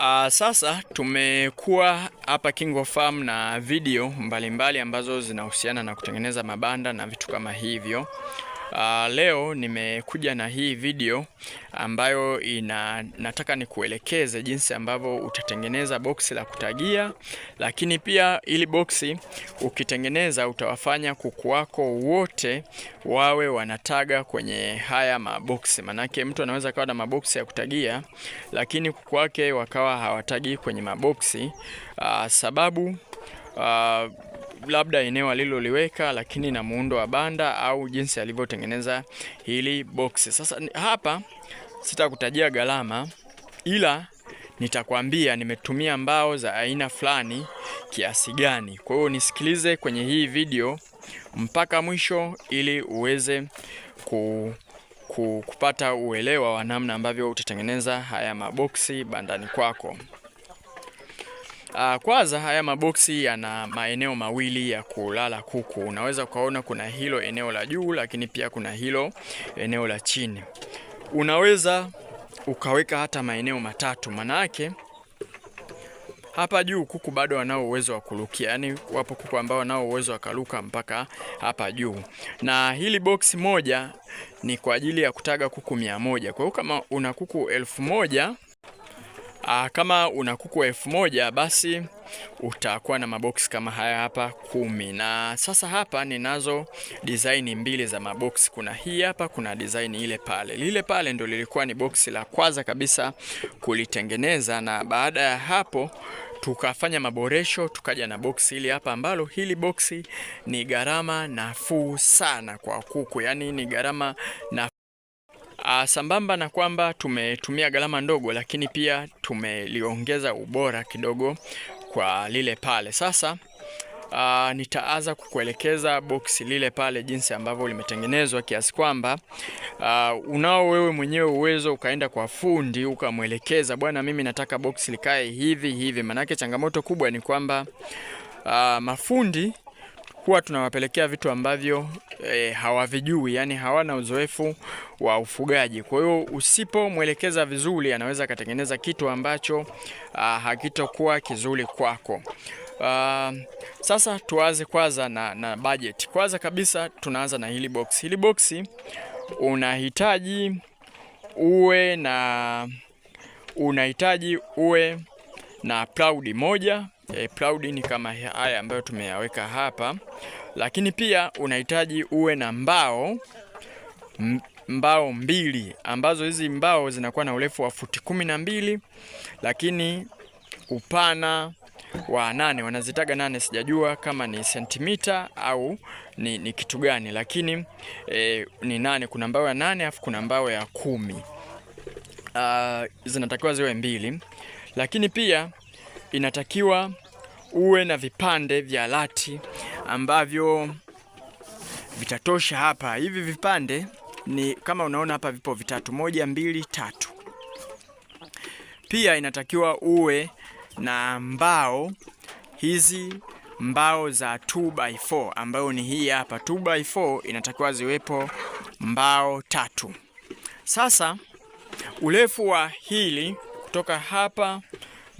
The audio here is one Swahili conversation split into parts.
Uh, sasa tumekuwa hapa Kingo Farm na video mbalimbali mbali ambazo zinahusiana na kutengeneza mabanda na vitu kama hivyo. Uh, leo nimekuja na hii video ambayo ina, nataka nikuelekeze jinsi ambavyo utatengeneza boksi la kutagia, lakini pia ili boksi ukitengeneza utawafanya kuku wako wote wawe wanataga kwenye haya maboksi. Manake mtu anaweza akawa na maboksi ya kutagia, lakini kuku wake wakawa hawatagi kwenye maboksi uh, sababu uh, labda eneo aliloliweka, lakini na muundo wa banda au jinsi alivyotengeneza hili boksi. Sasa hapa sitakutajia gharama, ila nitakwambia nimetumia mbao za aina fulani kiasi gani. Kwa hiyo nisikilize kwenye hii video mpaka mwisho ili uweze ku kupata uelewa wa namna ambavyo utatengeneza haya maboksi bandani kwako. Ah, kwanza haya maboksi yana maeneo mawili ya kulala kuku. Unaweza ukaona kuna hilo eneo la juu, lakini pia kuna hilo eneo la chini. Unaweza ukaweka hata maeneo matatu, manake hapa juu kuku bado wanao uwezo wa kurukia, yaani wapo kuku ambao wanao uwezo wakaruka mpaka hapa juu, na hili boksi moja ni kwa ajili ya kutaga kuku mia moja. Kwa hiyo kama una kuku elfu moja Aa, ah, kama una kuku elfu moja basi utakuwa na maboksi kama haya hapa kumi. Na sasa hapa ninazo design mbili za maboksi, kuna hii hapa, kuna design ile pale. Lile pale ndo lilikuwa ni boksi la kwanza kabisa kulitengeneza, na baada ya hapo tukafanya maboresho tukaja na boksi hili hapa, ambalo hili boksi ni gharama nafuu sana kwa kuku, yaani ni gharama na Aa, ah, sambamba na kwamba tumetumia gharama ndogo, lakini pia tumeliongeza ubora kidogo kwa lile pale. Sasa aa, ah, nitaanza kukuelekeza boksi lile pale jinsi ambavyo limetengenezwa kiasi kwamba ah, unao wewe mwenyewe uwezo ukaenda kwa fundi ukamwelekeza, bwana, mimi nataka boksi likae hivi hivi. Manake changamoto kubwa ni kwamba uh, mafundi huwa tunawapelekea vitu ambavyo e, hawavijui, yani hawana uzoefu wa ufugaji. Kwa hiyo usipomwelekeza vizuri, anaweza akatengeneza kitu ambacho ah, hakitokuwa kizuri kwako. Uh, sasa tuanze kwanza na, na budget. Kwanza kabisa tunaanza na hili box. Hili box unahitaji uwe na unahitaji uwe na plaudi moja e, Cloud kama haya ambayo tumeyaweka hapa, lakini pia unahitaji uwe na mbao mbao mbili ambazo hizi mbao zinakuwa na urefu wa futi kumi na mbili lakini upana wa nane, wanazitaga nane, sijajua kama ni sentimita au ni, ni kitu gani, lakini e, ni nane. Kuna mbao ya nane afu kuna mbao ya kumi. Uh, zinatakiwa ziwe mbili, lakini pia inatakiwa uwe na vipande vya lati ambavyo vitatosha hapa. Hivi vipande ni kama unaona hapa, vipo vitatu: moja, mbili, tatu. Pia inatakiwa uwe na mbao hizi mbao za 2x4 ambayo ni hii hapa 2x4, inatakiwa ziwepo mbao tatu. Sasa urefu wa hili kutoka hapa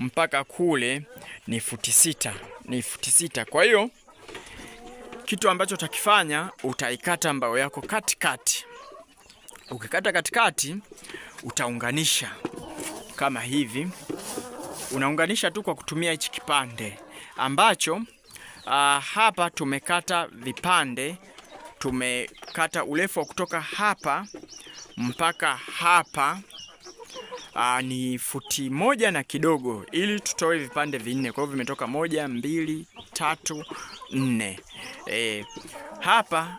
mpaka kule ni futi sita, ni futi sita. Kwa hiyo kitu ambacho utakifanya utaikata mbao yako katikati. Ukikata katikati, utaunganisha kama hivi. Unaunganisha tu kwa kutumia hichi kipande ambacho Uh, hapa tumekata vipande, tumekata urefu wa kutoka hapa mpaka hapa aa, ah, ni futi moja na kidogo, ili tutoe vipande vinne. Kwa hiyo vimetoka moja, mbili, tatu, nne. E, hapa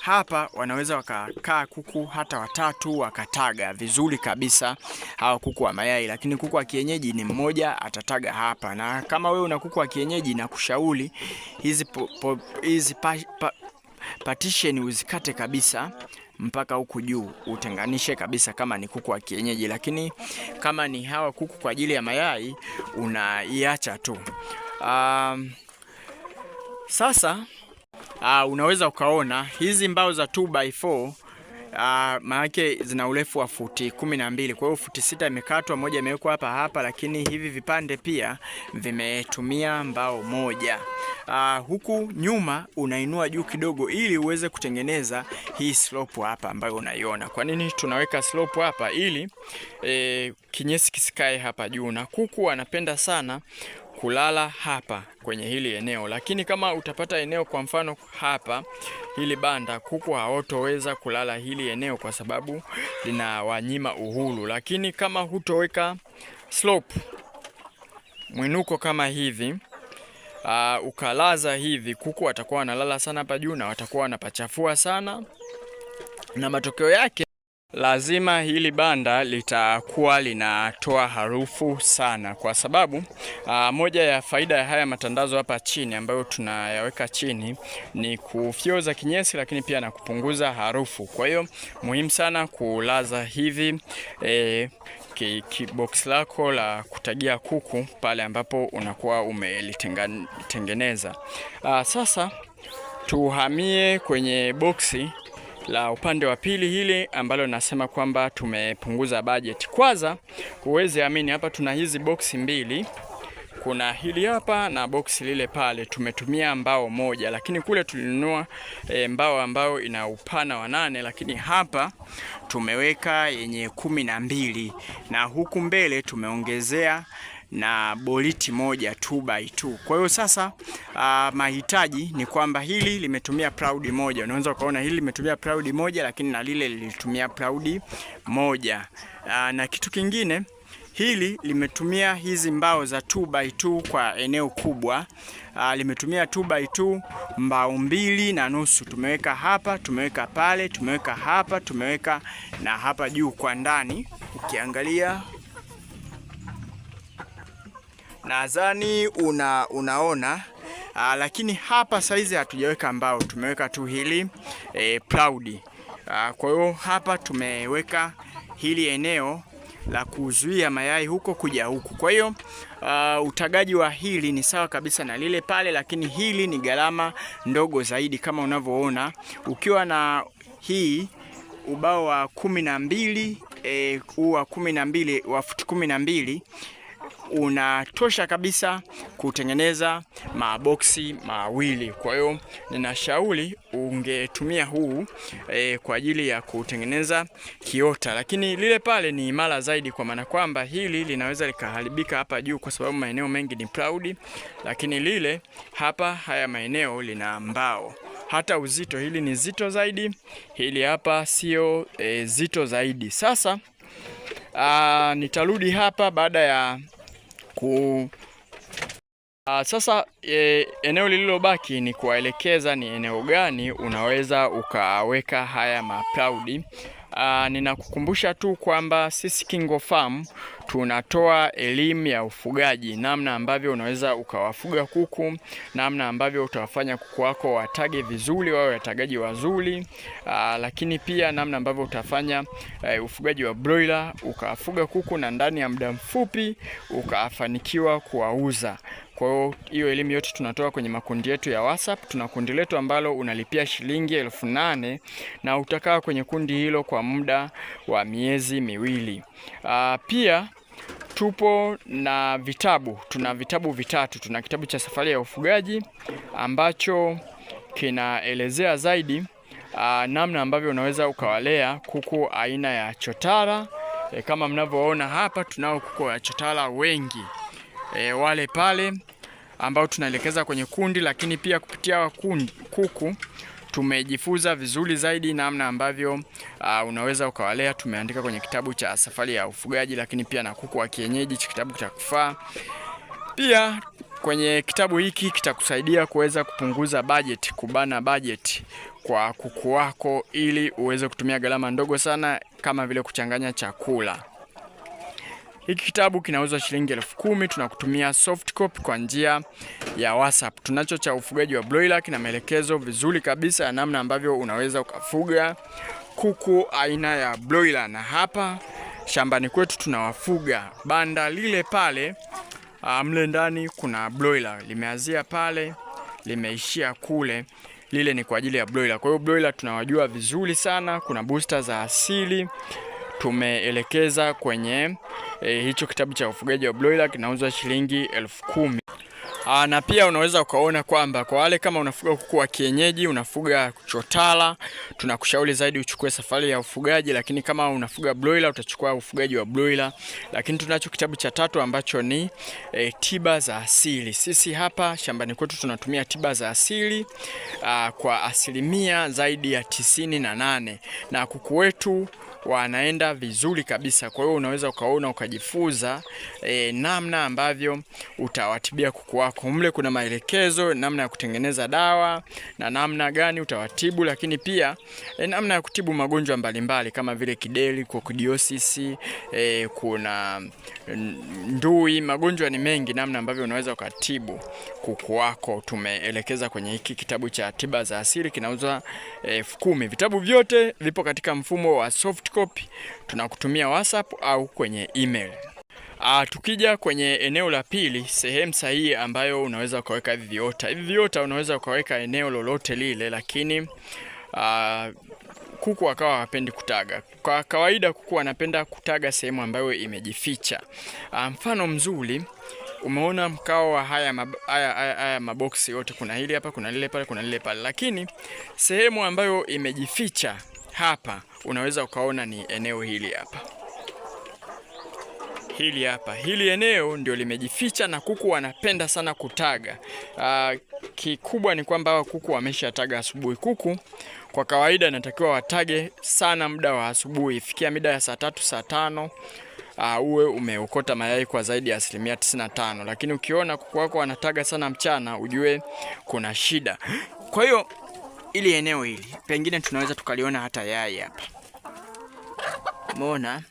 hapa wanaweza wakakaa kuku hata watatu wakataga vizuri kabisa hawa kuku wa mayai, lakini kuku wa kienyeji ni mmoja atataga hapa. Na kama wewe una kuku wa kienyeji, na kushauri hizi hizi partition uzikate kabisa, mpaka huku juu utenganishe kabisa kama ni kuku wa kienyeji, lakini kama ni hawa kuku kwa ajili ya mayai unaiacha tu. Um, sasa uh, unaweza ukaona hizi mbao za 2x4 Ah, maanake zina urefu wa futi kumi na mbili. Kwa hiyo futi sita imekatwa, moja imewekwa hapa hapa, lakini hivi vipande pia vimetumia mbao moja. Aa, ah, huku nyuma unainua juu kidogo ili uweze kutengeneza hii slope hapa ambayo unaiona. Kwa nini tunaweka slope hapa? Ili e, kinyesi kisikae hapa juu, na kuku anapenda sana kulala hapa kwenye hili eneo, lakini kama utapata eneo kwa mfano hapa hili banda, kuku hawatoweza kulala hili eneo kwa sababu linawanyima uhuru. Lakini kama hutoweka slope mwinuko kama hivi uh, ukalaza hivi, kuku watakuwa wanalala sana hapa juu na watakuwa wanapachafua sana, na matokeo yake Lazima hili banda litakuwa linatoa harufu sana, kwa sababu aa, ah, moja ya faida ya haya matandazo hapa chini ambayo tunayaweka chini ni kufyoza kinyesi, lakini pia na kupunguza harufu. Kwa hiyo muhimu sana kulaza hivi e, eh, kiboksi lako la kutagia kuku pale ambapo unakuwa umelitengeneza. Ah, sasa tuhamie kwenye boksi la upande wa pili hili ambalo nasema kwamba tumepunguza bajeti. Kwanza huwezi amini, hapa tuna hizi boksi mbili, kuna hili hapa na boksi lile pale. Tumetumia mbao moja, lakini kule tulinunua e, mbao ambayo ina upana wa nane, lakini hapa tumeweka yenye kumi na mbili na huku mbele tumeongezea na boliti moja 2x2. Kwa hiyo sasa uh, mahitaji ni kwamba hili limetumia proudi moja, unaweza ukaona hili limetumia proudi moja, lakini na lile lilitumia proudi moja. Uh, na kitu kingine hili limetumia hizi mbao za 2x2 kwa eneo kubwa. Uh, limetumia 2x2 mbao mbili na nusu. Tumeweka hapa, tumeweka pale, tumeweka hapa, tumeweka na hapa juu kwa ndani, ukiangalia nadhani una, unaona aa, ah, lakini hapa saizi hatujaweka mbao, tumeweka tu hili e, plaudi. Ah, kwa hiyo hapa tumeweka hili eneo la kuzuia mayai huko kuja huku. Kwa hiyo uh, utagaji wa hili ni sawa kabisa na lile pale, lakini hili ni gharama ndogo zaidi kama unavyoona ukiwa na hii ubao wa kumi na mbili huu e, wa kumi na mbili wa futi kumi na mbili unatosha kabisa kutengeneza maboksi mawili. Kwa hiyo ninashauri ungetumia huu e, kwa ajili ya kutengeneza kiota, lakini lile pale ni imara zaidi, kwa maana kwamba hili linaweza likaharibika hapa juu, kwa sababu maeneo mengi ni proud, lakini lile hapa, haya maeneo lina mbao hata uzito, hili ni zito zaidi, hili hapa sio e, zito zaidi. Sasa aa, nitarudi hapa baada ya kuu. Uh, ah, sasa e, eneo lililobaki ni kuwaelekeza ni eneo gani unaweza ukaweka haya maplaudi Ah, ninakukumbusha tu kwamba sisi kingo Farm tunatoa elimu ya ufugaji, namna ambavyo unaweza ukawafuga kuku, namna ambavyo utawafanya kuku wako watage vizuri, wawe watagaji wazuri. Uh, lakini pia namna ambavyo utafanya uh, ufugaji wa broiler, ukawafuga kuku na ndani ya muda mfupi ukafanikiwa kuwauza. Kwa hiyo hiyo elimu yote tunatoa kwenye makundi yetu ya WhatsApp. Tuna kundi letu ambalo unalipia shilingi elfu nane na utakaa kwenye kundi hilo kwa muda wa miezi miwili. Uh, pia tupo na vitabu, tuna vitabu vitatu. Tuna kitabu cha Safari ya Ufugaji ambacho kinaelezea zaidi uh, namna ambavyo unaweza ukawalea kuku aina ya chotara. E, kama mnavyoona hapa tunao kuku wa chotara wengi e, wale pale ambao tunaelekeza kwenye kundi, lakini pia kupitia kundi, kuku tumejifunza vizuri zaidi namna ambavyo uh, unaweza ukawalea. Tumeandika kwenye kitabu cha safari ya ufugaji, lakini pia na kuku wa kienyeji cha kitabu cha kufaa. Pia kwenye kitabu hiki kitakusaidia kuweza kupunguza bajeti, kubana bajeti kwa kuku wako, ili uweze kutumia gharama ndogo sana, kama vile kuchanganya chakula. Hiki kitabu kinauzwa shilingi elfu kumi. Tunakutumia soft copy kwa njia ya WhatsApp. Tunacho cha ufugaji wa broiler, kina maelekezo vizuri kabisa ya namna ambavyo unaweza ukafuga kuku aina ya broiler, na hapa shambani kwetu tunawafuga. Banda lile pale ah, mle ndani kuna broiler, limeanzia pale limeishia kule, lile ni kwa ajili ya broiler. Kwa hiyo broiler tunawajua vizuri sana. Kuna booster za asili tumeelekeza kwenye e, hicho kitabu cha ufugaji wa broiler kinauzwa shilingi elfu kumi. Aa, ah, na pia unaweza ukaona kwamba kwa wale kama unafuga kuku wa kienyeji, unafuga chotara tunakushauri zaidi uchukue safari ya ufugaji, lakini kama unafuga broiler utachukua ufugaji wa broiler. Lakini tunacho kitabu cha tatu ambacho ni e, tiba za asili. Sisi hapa shambani kwetu tunatumia tiba za asili aa, ah, kwa asilimia zaidi ya tisini na nane na kuku wetu wanaenda vizuri kabisa. Kwa hiyo unaweza ukaona ukajifuza e, namna ambavyo utawatibia kuku wako. Mle kuna maelekezo namna ya kutengeneza dawa na namna gani utawatibu, lakini pia e, namna ya kutibu magonjwa mbalimbali kama vile kideri, kokidiosis, e, kuna ndui. Magonjwa ni mengi, namna ambavyo unaweza ukatibu kuku wako tumeelekeza kwenye hiki kitabu cha tiba za asili, kinauzwa e, elfu kumi. Vitabu vyote vipo katika mfumo wa soft copy, tunakutumia WhatsApp au kwenye email. Ah, tukija kwenye eneo la pili, sehemu sahihi ambayo unaweza ukaweka hivi viota. Hivi viota unaweza ukaweka eneo lolote lile, lakini ah, kuku akawa hapendi kutaga. Kwa kawaida kuku anapenda kutaga sehemu ambayo imejificha. Ah, mfano mzuri umeona mkao wa haya, mab haya, haya, haya maboksi yote, kuna hili hapa, kuna lile pale, kuna lile pale, lakini sehemu ambayo imejificha hapa unaweza ukaona ni eneo hili hapa, hili hapa, hili eneo ndio limejificha na kuku wanapenda sana kutaga. Aa, ah, kikubwa ni kwamba hawa kuku wameshataga asubuhi. Kuku kwa kawaida natakiwa watage sana muda wa asubuhi, ifikia mida ya saa tatu saa tano Uh, uwe umeokota mayai kwa zaidi ya asilimia 95, lakini ukiona kuku wako wanataga sana mchana ujue kuna shida. Kwa hiyo ili eneo hili pengine tunaweza tukaliona hata yai hapa. Umeona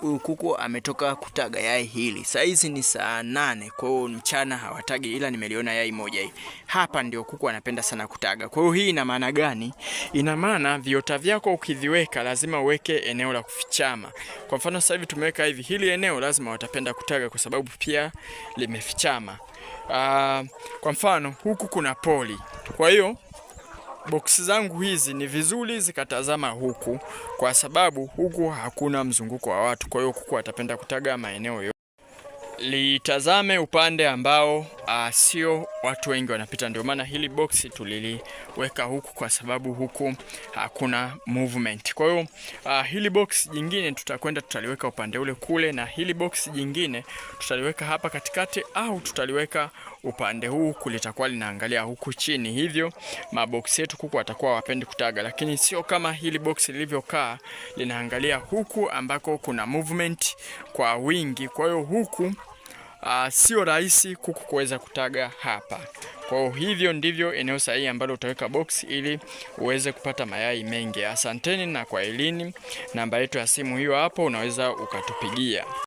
huyu kuku ametoka kutaga yai hili, saizi ni saa nane, kwa hiyo mchana hawatagi, ila nimeliona yai moja hii hapa. Ndio kuku anapenda sana kutaga. Kwa hiyo hii ina maana gani? Ina maana viota vyako ukiviweka lazima uweke eneo la kufichama. Kwa mfano sasa hivi tumeweka hivi, hili eneo lazima watapenda kutaga kwa sababu pia limefichama. Uh, kwa mfano huku kuna poli, kwa hiyo boksi zangu hizi ni vizuri zikatazama huku, kwa sababu huku hakuna mzunguko wa watu. Kwa hiyo kuku atapenda kutaga maeneo yote. Litazame upande ambao ah, sio watu wengi wanapita. Ndio maana hili boksi tuliliweka huku, kwa sababu huku hakuna movement. Kwa hiyo ah, hili boksi jingine tutakwenda tutaliweka upande ule kule, na hili boksi jingine tutaliweka hapa katikati, au tutaliweka upande huu kulitakuwa linaangalia huku chini, hivyo maboksi yetu kuku watakuwa wapendi kutaga, lakini sio kama hili boksi lilivyokaa linaangalia huku ambako kuna movement kwa wingi. Kwa hiyo huku Uh, sio rahisi kuku kuweza kutaga hapa. Kwa hivyo ndivyo eneo sahihi ambalo utaweka box ili uweze kupata mayai mengi. Asanteni na kwa elini, namba yetu ya simu hiyo hapo, unaweza ukatupigia.